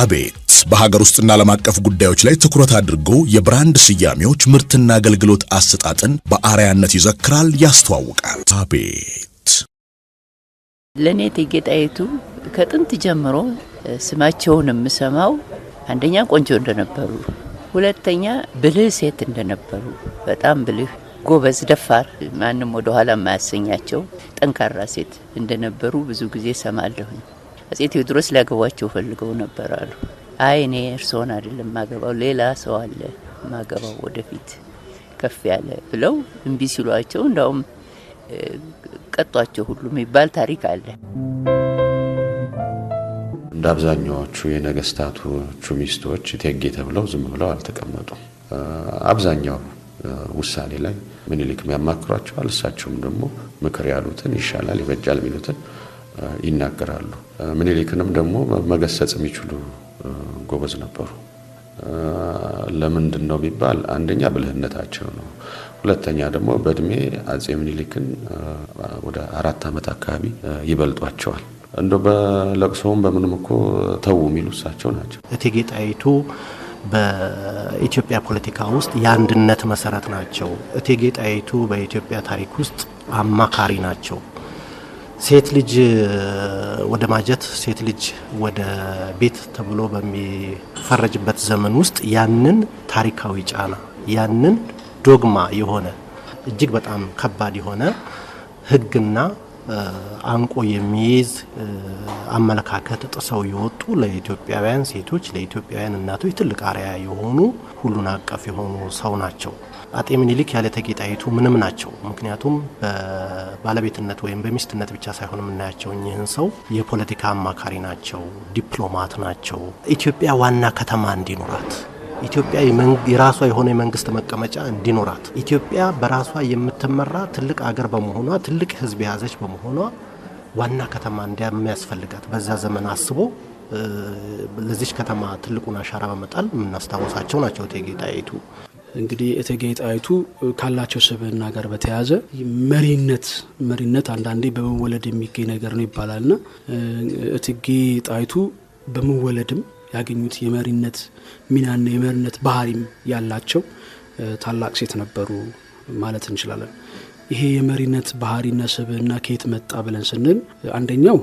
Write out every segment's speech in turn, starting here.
አቤት በሀገር ውስጥና ዓለም አቀፍ ጉዳዮች ላይ ትኩረት አድርጎ የብራንድ ስያሜዎች ምርትና አገልግሎት አሰጣጥን በአርአያነት ይዘክራል፣ ያስተዋውቃል። አቤት ለእኔ እቴጌ ጣይቱ ከጥንት ጀምሮ ስማቸውን የምሰማው አንደኛ ቆንጆ እንደነበሩ፣ ሁለተኛ ብልህ ሴት እንደነበሩ በጣም ብልህ ጎበዝ፣ ደፋር፣ ማንም ወደኋላ የማያሰኛቸው ጠንካራ ሴት እንደነበሩ ብዙ ጊዜ ሰማለሁኝ። አጼ ቴዎድሮስ ሊያገቧቸው ፈልገው ነበር አሉ። አይ እኔ እርስዎን አይደለም ማገባው ሌላ ሰው አለ ማገባው ወደፊት ከፍ ያለ ብለው እምቢ ሲሏቸው እንዳውም ቀጧቸው ሁሉ የሚባል ታሪክ አለ። እንደ አብዛኛዎቹ የነገስታቶቹ ሚስቶች እቴጌ ተብለው ዝም ብለው አልተቀመጡም። አብዛኛው ውሳኔ ላይ ምኒልክ ያማክሯቸዋል። እሳቸውም ደግሞ ምክር ያሉትን ይሻላል፣ ይበጃል የሚሉትን ይናገራሉ። ምኒልክንም ደግሞ መገሰጽ የሚችሉ ጎበዝ ነበሩ። ለምንድን ነው ቢባል አንደኛ ብልህነታቸው ነው። ሁለተኛ ደግሞ በእድሜ አጼ ምኒልክን ወደ አራት ዓመት አካባቢ ይበልጧቸዋል። እንደ በለቅሶውም በምንም እኮ ተዉ የሚሉ እሳቸው ናቸው። እቴጌ ጣይቱ በኢትዮጵያ ፖለቲካ ውስጥ የአንድነት መሰረት ናቸው። እቴጌ ጣይቱ በኢትዮጵያ ታሪክ ውስጥ አማካሪ ናቸው። ሴት ልጅ ወደ ማጀት ሴት ልጅ ወደ ቤት ተብሎ በሚፈረጅበት ዘመን ውስጥ ያንን ታሪካዊ ጫና ያንን ዶግማ የሆነ እጅግ በጣም ከባድ የሆነ ሕግና አንቆ የሚይዝ አመለካከት ጥሰው የወጡ ለኢትዮጵያውያን ሴቶች፣ ለኢትዮጵያውያን እናቶች ትልቅ አርያ የሆኑ ሁሉን አቀፍ የሆኑ ሰው ናቸው። አጤ ምኒልክ ያለ እቴጌ ጣይቱ ምንም ናቸው። ምክንያቱም በባለቤትነት ወይም በሚስትነት ብቻ ሳይሆን የምናያቸው እኚህን ሰው የፖለቲካ አማካሪ ናቸው፣ ዲፕሎማት ናቸው። ኢትዮጵያ ዋና ከተማ እንዲኖራት ኢትዮጵያ የራሷ የሆነ የመንግስት መቀመጫ እንዲኖራት ኢትዮጵያ በራሷ የምትመራ ትልቅ አገር በመሆኗ ትልቅ ህዝብ የያዘች በመሆኗ ዋና ከተማ እንደሚያስፈልጋት በዛ ዘመን አስቦ ለዚች ከተማ ትልቁን አሻራ በመጣል የምናስታውሳቸው ናቸው እቴጌ ጣይቱ። እንግዲህ እቴጌ ጣይቱ ካላቸው ስብዕና ጋር በተያያዘ መሪነት መሪነት አንዳንዴ በመወለድ የሚገኝ ነገር ነው ና እቴጌ ጣይቱ በመወለድም ያገኙት የመሪነት ሚናና የመሪነት ባህሪም ያላቸው ታላቅ ሴት ነበሩ ማለት እንችላለን። ይሄ የመሪነት ባህሪና ስብና ከየት መጣ ብለን ስንል አንደኛው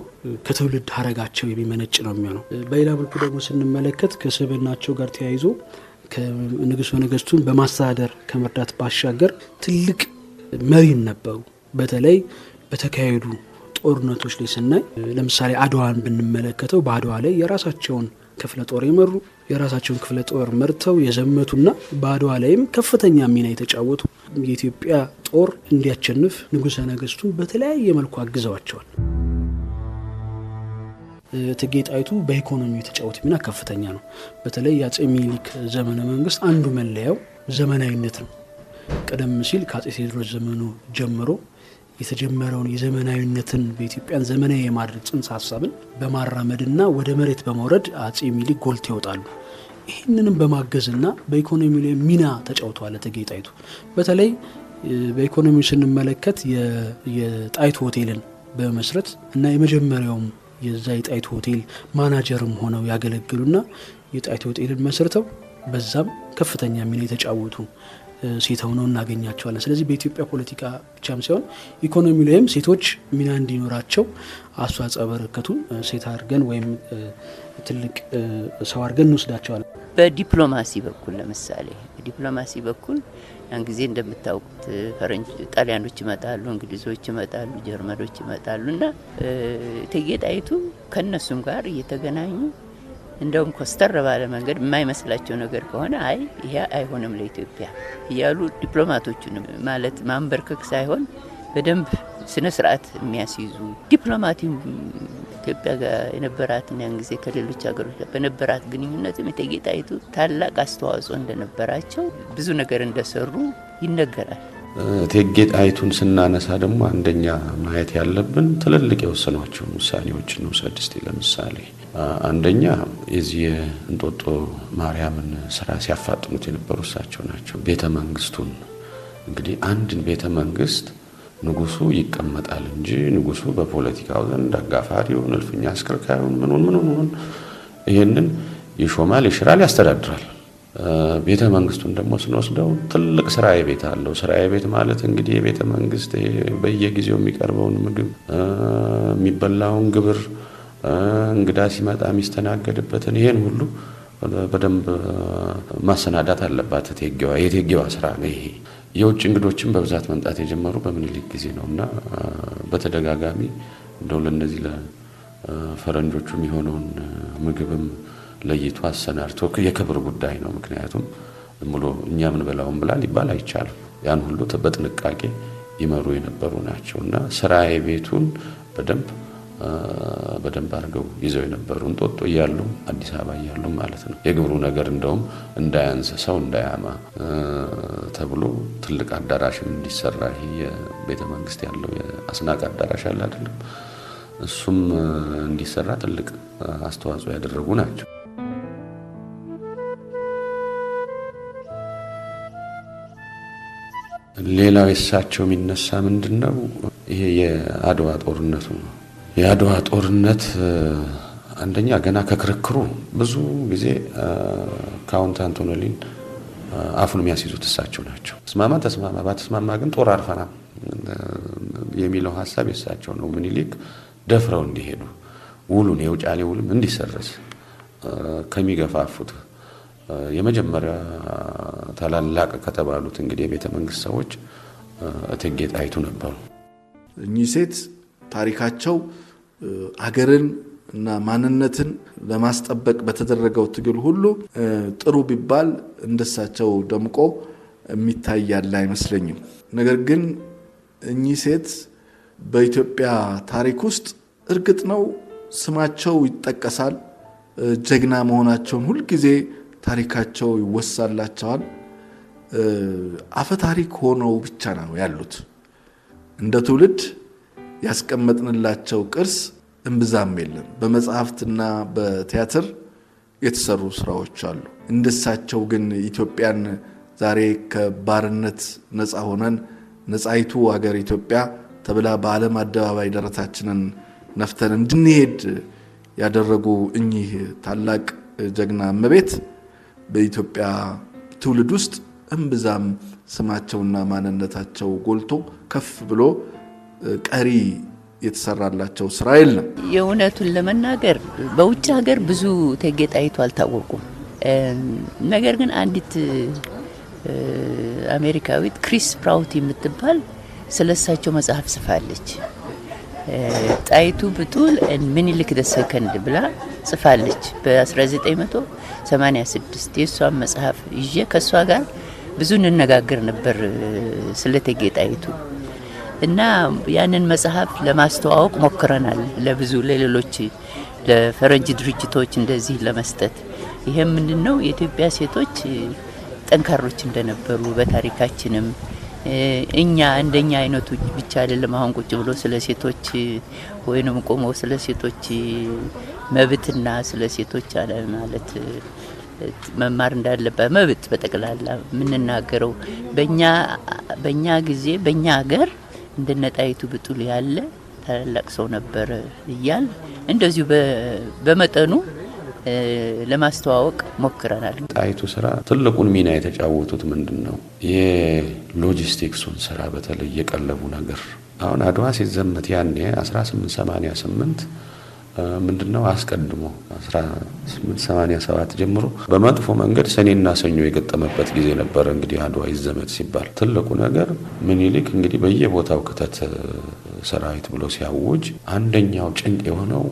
ከትውልድ ሀረጋቸው የሚመነጭ ነው የሚሆነው። በሌላ መልኩ ደግሞ ስንመለከት ከስብናቸው ጋር ተያይዞ ከንግስ ነገስቱን በማስተዳደር ከመርዳት ባሻገር ትልቅ መሪን ነበሩ። በተለይ በተካሄዱ ጦርነቶች ላይ ስናይ ለምሳሌ አድዋን ብንመለከተው በአድዋ ላይ የራሳቸውን ክፍለ ጦር የመሩ የራሳቸውን ክፍለ ጦር መርተው የዘመቱና በአድዋ ላይም ከፍተኛ ሚና የተጫወቱ የኢትዮጵያ ጦር እንዲያቸንፍ ንጉሠ ነገሥቱን በተለያየ መልኩ አግዘዋቸዋል። እቴጌ ጣይቱ በኢኮኖሚ የተጫወት ሚና ከፍተኛ ነው። በተለይ የአጼ ሚኒሊክ ዘመነ መንግስት አንዱ መለያው ዘመናዊነት ነው። ቀደም ሲል ከአጼ ቴዎድሮስ ዘመኑ ጀምሮ የተጀመረውን የዘመናዊነትን በኢትዮጵያን ዘመናዊ የማድረግ ጽንሰ ሀሳብን በማራመድና ወደ መሬት በመውረድ አጼ ሚሊ ጎልተው ይወጣሉ። ይህንንም በማገዝና በኢኮኖሚ ላይ ሚና ተጫውተዋል እቴጌ ጣይቱ። በተለይ በኢኮኖሚ ስንመለከት የጣይቱ ሆቴልን በመስረት እና የመጀመሪያውም የዛ የጣይቱ ሆቴል ማናጀርም ሆነው ያገለግሉና የጣይቱ ሆቴልን መስርተው በዛም ከፍተኛ ሚና የተጫወቱ ሴት ሆነው እናገኛቸዋለን። ስለዚህ በኢትዮጵያ ፖለቲካ ብቻም ሲሆን ኢኮኖሚ ላይም ሴቶች ሚና እንዲኖራቸው አስተዋጽኦ በረከቱ ሴት አድርገን ወይም ትልቅ ሰው አድርገን እንወስዳቸዋለን። በዲፕሎማሲ በኩል ለምሳሌ በዲፕሎማሲ በኩል ያን ጊዜ እንደምታውቁት ፈረንጅ፣ ጣሊያኖች ይመጣሉ፣ እንግሊዞች ይመጣሉ፣ ጀርመኖች ይመጣሉ እና ተጌጣይቱ ጣይቱ ከእነሱም ጋር እየተገናኙ እንደውም ኮስተር ባለ መንገድ የማይመስላቸው ነገር ከሆነ አይ ይሄ አይሆንም ለኢትዮጵያ እያሉ ዲፕሎማቶቹንም ማለት ማንበርከክ ሳይሆን በደንብ ስነ ስርዓት የሚያስይዙ ዲፕሎማቲም ኢትዮጵያ ጋር የነበራትን ያን ጊዜ ከሌሎች ሀገሮች ጋር በነበራት ግንኙነትም እቴጌ ጣይቱ ታላቅ አስተዋጽኦ እንደነበራቸው ብዙ ነገር እንደሰሩ ይነገራል። እቴጌ ጣይቱን ስናነሳ ደግሞ አንደኛ ማየት ያለብን ትልልቅ የወሰኗቸውን ውሳኔዎችን ነው። ስድስቴ ለምሳሌ አንደኛ የዚህ የእንጦጦ ማርያምን ስራ ሲያፋጥኑት የነበሩ እሳቸው ናቸው። ቤተ መንግስቱን እንግዲህ አንድን ቤተ መንግስት ንጉሱ ይቀመጣል እንጂ ንጉሱ በፖለቲካው ዘንድ አጋፋሪውን፣ እልፍኛ አስከርካሪውን፣ ምኑን ምኑን ይህንን ይሾማል፣ ይሽራል፣ ያስተዳድራል። ቤተ መንግስቱን ደግሞ ስንወስደው ትልቅ ስራዬ ቤት አለው። ስራዬ ቤት ማለት እንግዲህ የቤተ መንግስት በየጊዜው የሚቀርበውን ምግብ የሚበላውን ግብር እንግዳ ሲመጣ የሚስተናገድበትን ይሄን ሁሉ በደንብ ማሰናዳት አለባት። ቴጌዋ የቴጌዋ ስራ ነው ይሄ። የውጭ እንግዶችን በብዛት መምጣት የጀመሩ በምኒልክ ጊዜ ነው እና በተደጋጋሚ እንደው ለነዚህ ለፈረንጆቹ የሚሆነውን ምግብም ለይቶ አሰናድቶ የክብር ጉዳይ ነው። ምክንያቱም ብሎ እኛ ምን በላውን ብላል ሊባል አይቻልም። ያን ሁሉ በጥንቃቄ ይመሩ የነበሩ ናቸው እና ስራ የቤቱን በደንብ በደንብ አድርገው ይዘው የነበሩ እንጦጦ እያሉ አዲስ አበባ እያሉ ማለት ነው። የግብሩ ነገር እንደውም እንዳያንስ ሰው እንዳያማ ተብሎ ትልቅ አዳራሽም እንዲሰራ ይሄ የቤተ መንግስት ያለው የአስናቅ አዳራሽ አለ አይደለም፣ እሱም እንዲሰራ ትልቅ አስተዋጽኦ ያደረጉ ናቸው። ሌላው የእሳቸው የሚነሳ ምንድን ነው? ይሄ የአድዋ ጦርነቱ ነው። የአድዋ ጦርነት አንደኛ ገና ከክርክሩ ብዙ ጊዜ ካውንት አንቶኖሊን አፉን የሚያስይዙት እሳቸው ናቸው። ተስማማ ተስማማ ባተስማማ ግን ጦር አርፈና የሚለው ሀሳብ የእሳቸው ነው። ምኒልክ ደፍረው እንዲሄዱ ውሉን የውጫሌ ውልም እንዲሰረዝ ከሚገፋፉት የመጀመሪያ ታላላቅ ከተባሉት እንግዲህ የቤተ መንግስት ሰዎች እቴጌ ጣይቱ ነበሩ። እኚህ ሴት ታሪካቸው አገርን እና ማንነትን ለማስጠበቅ በተደረገው ትግል ሁሉ ጥሩ ቢባል እንደሳቸው ደምቆ የሚታይ ያለ አይመስለኝም። ነገር ግን እኚህ ሴት በኢትዮጵያ ታሪክ ውስጥ እርግጥ ነው ስማቸው ይጠቀሳል፣ ጀግና መሆናቸውን ሁልጊዜ ታሪካቸው ይወሳላቸዋል። አፈ ታሪክ ሆነው ብቻ ነው ያሉት እንደ ትውልድ ያስቀመጥንላቸው ቅርስ እምብዛም የለም። በመጽሐፍትና በቲያትር የተሰሩ ስራዎች አሉ። እንደሳቸው ግን ኢትዮጵያን ዛሬ ከባርነት ነፃ ሆነን ነፃይቱ ሀገር ኢትዮጵያ ተብላ በዓለም አደባባይ ደረታችንን ነፍተን እንድንሄድ ያደረጉ እኚህ ታላቅ ጀግና እመቤት በኢትዮጵያ ትውልድ ውስጥ እምብዛም ስማቸውና ማንነታቸው ጎልቶ ከፍ ብሎ ቀሪ የተሰራላቸው ስራ የለም። የእውነቱን ለመናገር በውጭ ሀገር ብዙ እቴጌ ጣይቱ አልታወቁም። ነገር ግን አንዲት አሜሪካዊት ክሪስ ፕራውት የምትባል ስለ እሳቸው መጽሐፍ ጽፋለች። ጣይቱ ብጡል ምኒልክ ዘ ሰከንድ ብላ ጽፋለች በ1986 የእሷን መጽሐፍ ይዤ ከእሷ ጋር ብዙ እንነጋገር ነበር ስለ እቴጌ ጣይቱ እና ያንን መጽሐፍ ለማስተዋወቅ ሞክረናል። ለብዙ ለሌሎች ለፈረንጅ ድርጅቶች እንደዚህ ለመስጠት ይህ ምንድን ነው የኢትዮጵያ ሴቶች ጠንካሮች እንደነበሩ በታሪካችንም እኛ እንደኛ አይነቱ ብቻ አይደለም። አሁን ቁጭ ብሎ ስለ ሴቶች ወይንም ቆሞ ስለ ሴቶች መብትና ስለ ሴቶች ማለት መማር እንዳለበት መብት በጠቅላላ የምንናገረው በእኛ በእኛ ጊዜ በእኛ ሀገር እንደነ ጣይቱ ብጡል ያለ ታላላቅ ሰው ነበር እያል እንደዚሁ በመጠኑ ለማስተዋወቅ ሞክረናል። ጣይቱ ስራ ትልቁን ሚና የተጫወቱት ምንድን ነው? የሎጂስቲክሱን ስራ በተለይ የቀለቡ ነገር አሁን አድዋ ሲዘመት ያኔ 1888 ምንድን ነው አስቀድሞ 1887 ጀምሮ በመጥፎ መንገድ ሰኔና ሰኞ የገጠመበት ጊዜ ነበር። እንግዲህ አድዋ ይዘመት ሲባል ትልቁ ነገር ምኒልክ እንግዲህ በየቦታው ክተት ሰራዊት ብሎ ሲያውጅ አንደኛው ጭንቅ የሆነው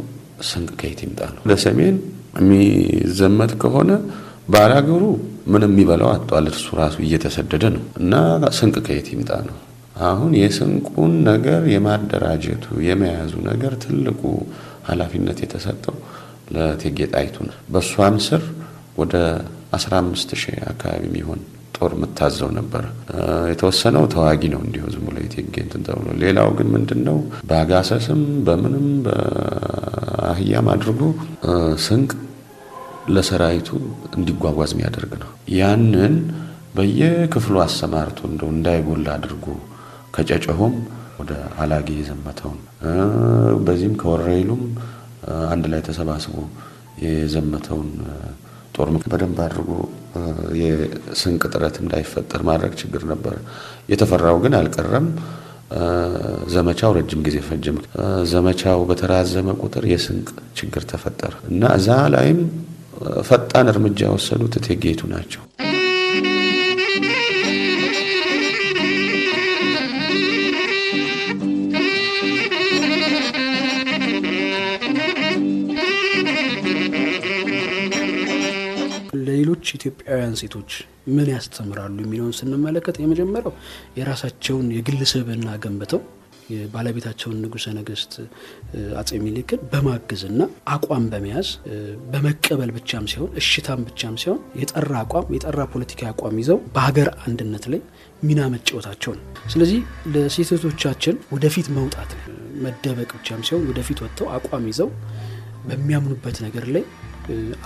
ስንቅ ከየት ይምጣ ነው። ለሰሜን የሚዘመት ከሆነ ባላገሩ ምንም የሚበላው አጧል። እርሱ ራሱ እየተሰደደ ነው እና ስንቅ ከየት ይምጣ ነው። አሁን የስንቁን ነገር የማደራጀቱ የመያዙ ነገር ትልቁ ኃላፊነት የተሰጠው ለእቴጌ ጣይቱ ነው። በእሷም ስር ወደ 15 ሺህ አካባቢ የሚሆን ጦር የምታዘው ነበረ። የተወሰነው ተዋጊ ነው እንዲሁ ዝም ብሎ የእቴጌ እንትን ተብሎ፣ ሌላው ግን ምንድን ነው በአጋሰስም በምንም በአህያም አድርጎ ስንቅ ለሰራዊቱ እንዲጓጓዝ የሚያደርግ ነው። ያንን በየክፍሉ አሰማርቶ እንደው እንዳይጎላ አድርጎ ከጨጨሆም ወደ አላጌ የዘመተውን በዚህም ከወረይሉም አንድ ላይ ተሰባስቦ የዘመተውን ጦር በደንብ አድርጎ የስንቅ ጥረት እንዳይፈጠር ማድረግ ችግር ነበር የተፈራው ግን አልቀረም። ዘመቻው ረጅም ጊዜ ፈጀ። ዘመቻው በተራዘመ ቁጥር የስንቅ ችግር ተፈጠረ እና እዛ ላይም ፈጣን እርምጃ የወሰዱት እቴጌይቱ ናቸው። ሴቶች ኢትዮጵያውያን ሴቶች ምን ያስተምራሉ የሚለውን ስንመለከት የመጀመሪያው የራሳቸውን የግል ስብዕና ገንብተው ባለቤታቸውን ንጉሠ ነገስት አጼ ሚኒልክን በማገዝና አቋም በመያዝ በመቀበል ብቻም ሲሆን እሽታም ብቻም ሲሆን የጠራ አቋም የጠራ ፖለቲካዊ አቋም ይዘው በሀገር አንድነት ላይ ሚና መጫወታቸው ነው። ስለዚህ ለሴቶቻችን ወደፊት መውጣት መደበቅ ብቻም ሲሆን ወደፊት ወጥተው አቋም ይዘው በሚያምኑበት ነገር ላይ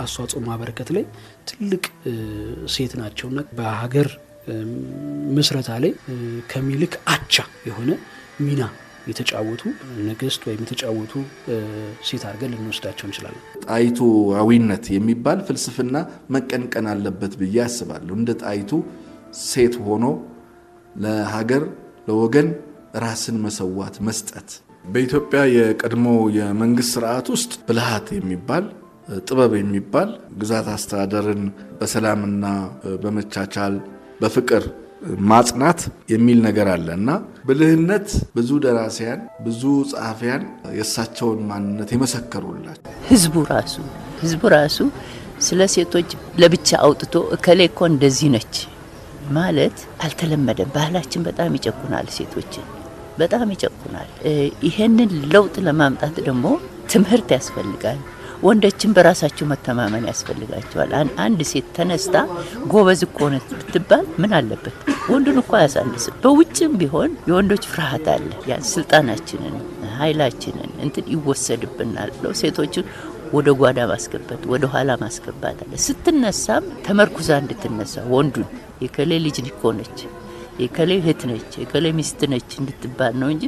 አስተዋጽኦ ማበረከት ላይ ትልቅ ሴት ናቸውና በሀገር ምስረታ ላይ ከሚልክ አቻ የሆነ ሚና የተጫወቱ ንግስት ወይም የተጫወቱ ሴት አድርገን ልንወስዳቸው እንችላለን። ጣይቱ አዊነት የሚባል ፍልስፍና መቀንቀን አለበት ብዬ አስባለሁ። እንደ ጣይቱ ሴት ሆኖ ለሀገር ለወገን ራስን መሰዋት መስጠት በኢትዮጵያ የቀድሞ የመንግስት ስርዓት ውስጥ ብልሃት የሚባል ጥበብ የሚባል ግዛት አስተዳደርን በሰላምና በመቻቻል በፍቅር ማጽናት የሚል ነገር አለ እና ብልህነት ብዙ ደራሲያን ብዙ ጸሐፊያን የእሳቸውን ማንነት የመሰከሩላቸው ህዝቡ ራሱ ህዝቡ ራሱ ስለ ሴቶች ለብቻ አውጥቶ እከሌ እኮ እንደዚህ ነች ማለት አልተለመደም። ባህላችን በጣም ይጨቁናል፣ ሴቶችን በጣም ይጨቁናል። ይሄንን ለውጥ ለማምጣት ደግሞ ትምህርት ያስፈልጋል። ወንዶችን በራሳቸው መተማመን ያስፈልጋቸዋል። አንድ ሴት ተነስታ ጎበዝ እኮ ነች ብትባል ምን አለበት? ወንዱን እኮ አያሳንስም። በውጭም ቢሆን የወንዶች ፍርሃት አለ። ያን ስልጣናችንን፣ ኃይላችንን እንትን ይወሰድብናል ብለው ሴቶችን ወደ ጓዳ ማስገባት ወደ ኋላ ማስገባት አለ። ስትነሳም ተመርኩዛ እንድትነሳ ወንዱን የከሌ ልጅ እኮ ነች፣ የከሌ እህት ነች፣ የከሌ ሚስት ነች እንድትባል ነው እንጂ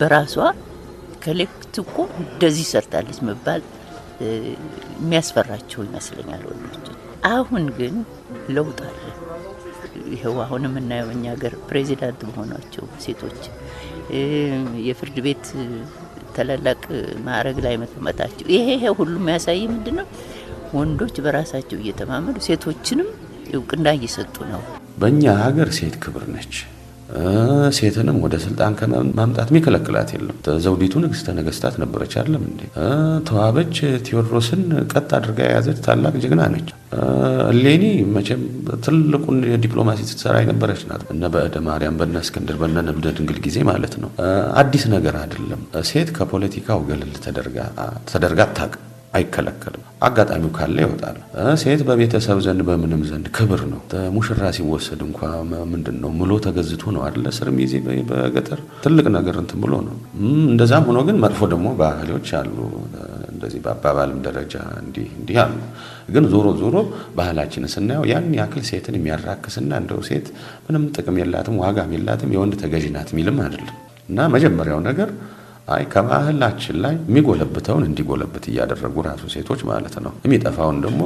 በራሷ ከሌ እኮ እንደዚህ ሰርታለች መባል የሚያስፈራቸው ይመስለኛል ወንዶች። አሁን ግን ለውጥ አለ። ይኸው አሁን የምናየው እኛ ሀገር ፕሬዚዳንት መሆናቸው ሴቶች የፍርድ ቤት ተላላቅ ማዕረግ ላይ መቀመጣቸው ይሄ ይሄ ሁሉ የሚያሳይ ምንድን ነው? ወንዶች በራሳቸው እየተማመኑ ሴቶችንም እውቅና እየሰጡ ነው። በእኛ ሀገር ሴት ክብር ነች። ሴትንም ወደ ስልጣን ከማምጣት የሚከለክላት የለም። ዘውዲቱ ንግስተ ነገስታት ነበረች አለም እንዴ? ተዋበች። ቴዎድሮስን ቀጥ አድርጋ የያዘች ታላቅ ጀግና ነች። እሌኒ መቼም ትልቁን ዲፕሎማሲ ስትሰራ የነበረች ናት። እነ በእደ ማርያም፣ በነ እስክንድር፣ በነ ንብደ ድንግል ጊዜ ማለት ነው። አዲስ ነገር አይደለም። ሴት ከፖለቲካው ገለል ተደርጋ አታውቅም፣ አይከለከልም። አጋጣሚው ካለ ይወጣል። ሴት በቤተሰብ ዘንድ በምንም ዘንድ ክብር ነው። ሙሽራ ሲወሰድ እንኳ ምንድን ነው ምሎ ተገዝቶ ነው አለ ስር ሚዜ በገጠር ትልቅ ነገር እንትን ብሎ ነው። እንደዛም ሆኖ ግን መጥፎ ደግሞ ባህሌዎች አሉ። እንደዚህ በአባባልም ደረጃ እንዲህ እንዲህ አሉ። ግን ዞሮ ዞሮ ባህላችንን ስናየው ያን ያክል ሴትን የሚያራክስና እንደው ሴት ምንም ጥቅም የላትም ዋጋም የላትም የወንድ ተገዥ ናት የሚልም አይደለም እና መጀመሪያው ነገር አይ ከባህላችን ላይ የሚጎለብተውን እንዲጎለብት እያደረጉ ራሱ ሴቶች ማለት ነው። የሚጠፋውን ደግሞ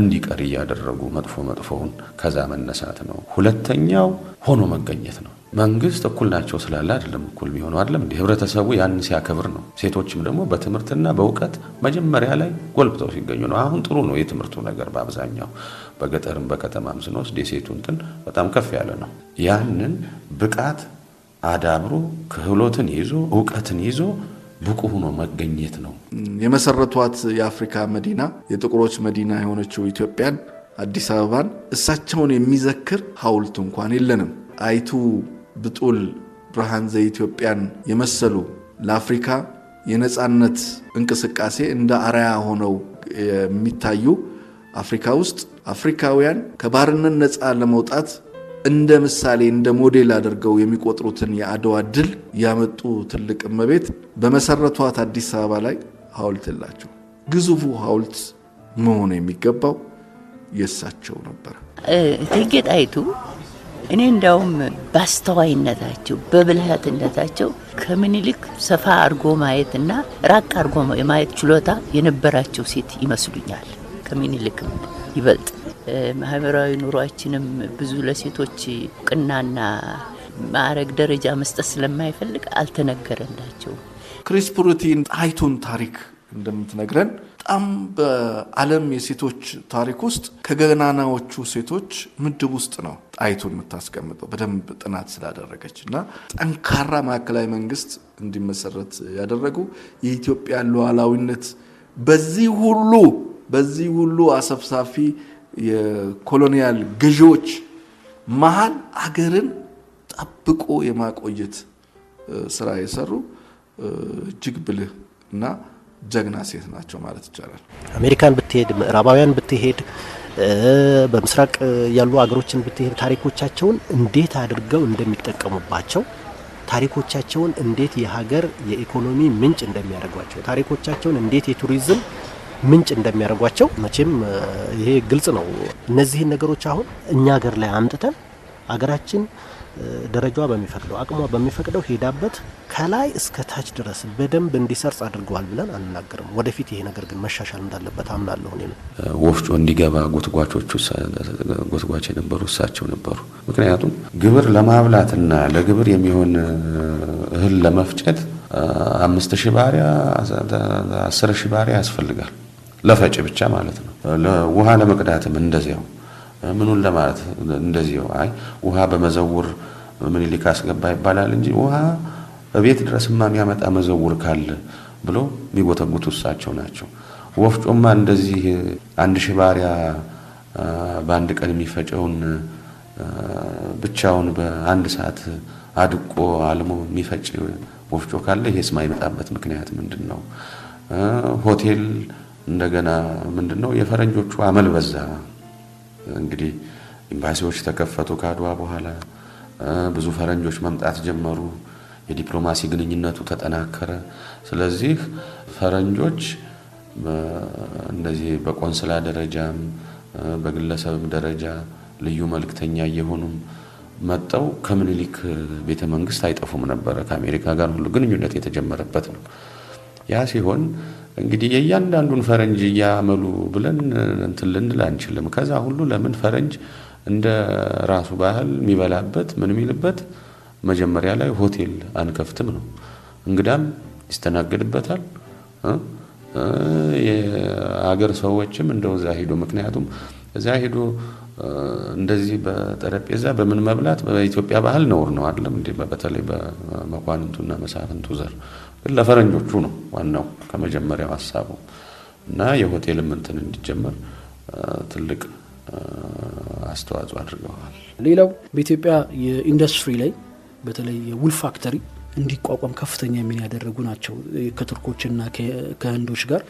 እንዲቀር እያደረጉ መጥፎ መጥፎውን ከዛ መነሳት ነው። ሁለተኛው ሆኖ መገኘት ነው። መንግስት እኩል ናቸው ስላለ አይደለም እኩል የሚሆነው አይደለም። እንዲህ ህብረተሰቡ ያን ሲያከብር ነው። ሴቶችም ደግሞ በትምህርትና በእውቀት መጀመሪያ ላይ ጎልብተው ሲገኙ ነው። አሁን ጥሩ ነው የትምህርቱ ነገር በአብዛኛው በገጠርም በከተማም ስንወስድ የሴቱ እንትን በጣም ከፍ ያለ ነው። ያንን ብቃት አዳብሮ ክህሎትን ይዞ እውቀትን ይዞ ብቁ ሆኖ መገኘት ነው። የመሰረቷት የአፍሪካ መዲና የጥቁሮች መዲና የሆነችው ኢትዮጵያን አዲስ አበባን እሳቸውን የሚዘክር ሐውልት እንኳን የለንም። አይቱ ብጡል ብርሃን ዘኢትዮጵያን የመሰሉ ለአፍሪካ የነፃነት እንቅስቃሴ እንደ አርያ ሆነው የሚታዩ አፍሪካ ውስጥ አፍሪካውያን ከባርነት ነፃ ለመውጣት እንደ ምሳሌ እንደ ሞዴል አድርገው የሚቆጥሩትን የአድዋ ድል ያመጡ ትልቅ እመቤት በመሰረቷት አዲስ አበባ ላይ ሐውልት ላቸው። ግዙፉ ሐውልት መሆኑ የሚገባው የእሳቸው ነበር። እቴጌ ጣይቱ እኔ እንዲያውም በአስተዋይነታቸው በብልሃትነታቸው ከምኒልክ ሰፋ አድርጎ ማየትና ራቅ አድርጎ የማየት ችሎታ የነበራቸው ሴት ይመስሉኛል ከምኒልክም ይበልጥ ማህበራዊ ኑሯችንም ብዙ ለሴቶች እውቅናና ማዕረግ ደረጃ መስጠት ስለማይፈልግ አልተነገረላቸውም። ክሪስ ፕሩቲን ጣይቱን ታሪክ እንደምትነግረን በጣም በዓለም የሴቶች ታሪክ ውስጥ ከገናናዎቹ ሴቶች ምድብ ውስጥ ነው ጣይቱን የምታስቀምጠው በደንብ ጥናት ስላደረገች እና ጠንካራ ማዕከላዊ መንግስት እንዲመሰረት ያደረጉ የኢትዮጵያ ሉዓላዊነት በዚህ ሁሉ በዚህ ሁሉ አሰብሳፊ የኮሎኒያል ገዢዎች መሀል አገርን ጠብቆ የማቆየት ስራ የሰሩ እጅግ ብልህ እና ጀግና ሴት ናቸው ማለት ይቻላል። አሜሪካን ብትሄድ፣ ምዕራባውያን ብትሄድ፣ በምስራቅ ያሉ አገሮችን ብትሄድ ታሪኮቻቸውን እንዴት አድርገው እንደሚጠቀሙባቸው ታሪኮቻቸውን እንዴት የሀገር የኢኮኖሚ ምንጭ እንደሚያደርጓቸው ታሪኮቻቸውን እንዴት የቱሪዝም ምንጭ እንደሚያደርጓቸው መቼም ይሄ ግልጽ ነው። እነዚህን ነገሮች አሁን እኛ ሀገር ላይ አምጥተን አገራችን ደረጃዋ በሚፈቅደው አቅሟ በሚፈቅደው ሄዳበት ከላይ እስከ ታች ድረስ በደንብ እንዲሰርጽ አድርገዋል ብለን አንናገርም ወደፊት ይሄ ነገር ግን መሻሻል እንዳለበት አምናለሁ። እኔ ወፍጮ እንዲገባ ጎትጓቾቹ ጎትጓች የነበሩ እሳቸው ነበሩ። ምክንያቱም ግብር ለማብላትና ለግብር የሚሆን እህል ለመፍጨት አምስት ሺህ ባሪያ አስር ሺህ ባሪያ ያስፈልጋል። ለፈጭ ብቻ ማለት ነው። ውሃ ለመቅዳትም እንደዚያው ምኑን ለማለት እንደዚያው። አይ ውሃ በመዘውር ምኒልክ አስገባ ይባላል እንጂ ውሃ ቤት ድረስማ የሚያመጣ መዘውር ካለ ብሎ የሚጎተጉቱ እሳቸው ናቸው። ወፍጮማ እንደዚህ አንድ ሺህ ባሪያ በአንድ ቀን የሚፈጨውን ብቻውን በአንድ ሰዓት አድቆ አልሞ የሚፈጭ ወፍጮ ካለ ይሄስ የማይመጣበት ምክንያት ምንድን ነው? ሆቴል እንደገና ምንድን ነው የፈረንጆቹ አመል በዛ። እንግዲህ ኤምባሲዎች ተከፈቱ ከአድዋ በኋላ ብዙ ፈረንጆች መምጣት ጀመሩ። የዲፕሎማሲ ግንኙነቱ ተጠናከረ። ስለዚህ ፈረንጆች እንደዚህ በቆንስላ ደረጃም በግለሰብም ደረጃ ልዩ መልክተኛ እየሆኑም መጠው ከምኒልክ ቤተ መንግስት አይጠፉም ነበረ። ከአሜሪካ ጋር ሁሉ ግንኙነት የተጀመረበት ነው። ያ ሲሆን እንግዲህ የእያንዳንዱን ፈረንጅ እያመሉ ብለን እንትን ልንል አንችልም። ከዛ ሁሉ ለምን ፈረንጅ እንደ ራሱ ባህል የሚበላበት ምን የሚልበት መጀመሪያ ላይ ሆቴል አንከፍትም ነው። እንግዳም ይስተናገድበታል። የአገር ሰዎችም እንደው እዛ ሄዶ ምክንያቱም እዛ ሄዶ እንደዚህ በጠረጴዛ በምን መብላት በኢትዮጵያ ባህል ነውር ነው አለም እንዲህ በተለይ በመኳንንቱና መሳፍንቱ ዘር ግን ለፈረንጆቹ ነው ዋናው ከመጀመሪያው ሀሳቡ እና የሆቴል እንትን እንዲጀመር ትልቅ አስተዋጽኦ አድርገዋል። ሌላው በኢትዮጵያ የኢንዱስትሪ ላይ በተለይ የውል ፋክተሪ እንዲቋቋም ከፍተኛ ሚና ያደረጉ ናቸው። ከቱርኮችና ከህንዶች ጋር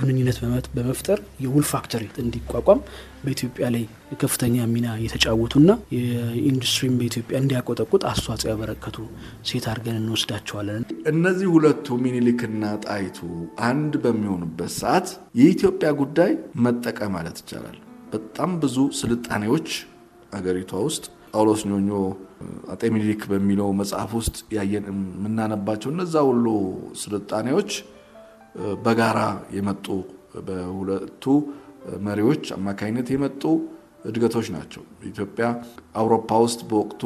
ግንኙነት በመፍጠር የውል ፋክተሪ እንዲቋቋም በኢትዮጵያ ላይ ከፍተኛ ሚና የተጫወቱና የኢንዱስትሪም በኢትዮጵያ እንዲያቆጠቁጥ አስተዋጽኦ ያበረከቱ ሴት አድርገን እንወስዳቸዋለን። እነዚህ ሁለቱ ሚኒሊክና ጣይቱ አንድ በሚሆኑበት ሰዓት የኢትዮጵያ ጉዳይ መጠቀም ማለት ይቻላል። በጣም ብዙ ስልጣኔዎች አገሪቷ ውስጥ ጳውሎስ ኞኞ አጤ ሚኒሊክ በሚለው መጽሐፍ ውስጥ ያየን የምናነባቸው እነዛ ሁሉ ስልጣኔዎች በጋራ የመጡ በሁለቱ መሪዎች አማካኝነት የመጡ እድገቶች ናቸው። ኢትዮጵያ አውሮፓ ውስጥ በወቅቱ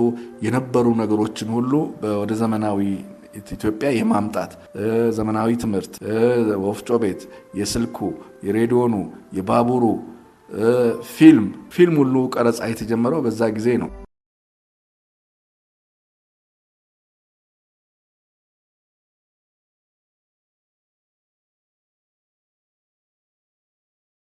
የነበሩ ነገሮችን ሁሉ ወደ ዘመናዊ ኢትዮጵያ የማምጣት ዘመናዊ ትምህርት፣ ወፍጮ ቤት፣ የስልኩ፣ የሬዲዮኑ፣ የባቡሩ፣ ፊልም ፊልም ሁሉ ቀረጻ የተጀመረው በዛ ጊዜ ነው።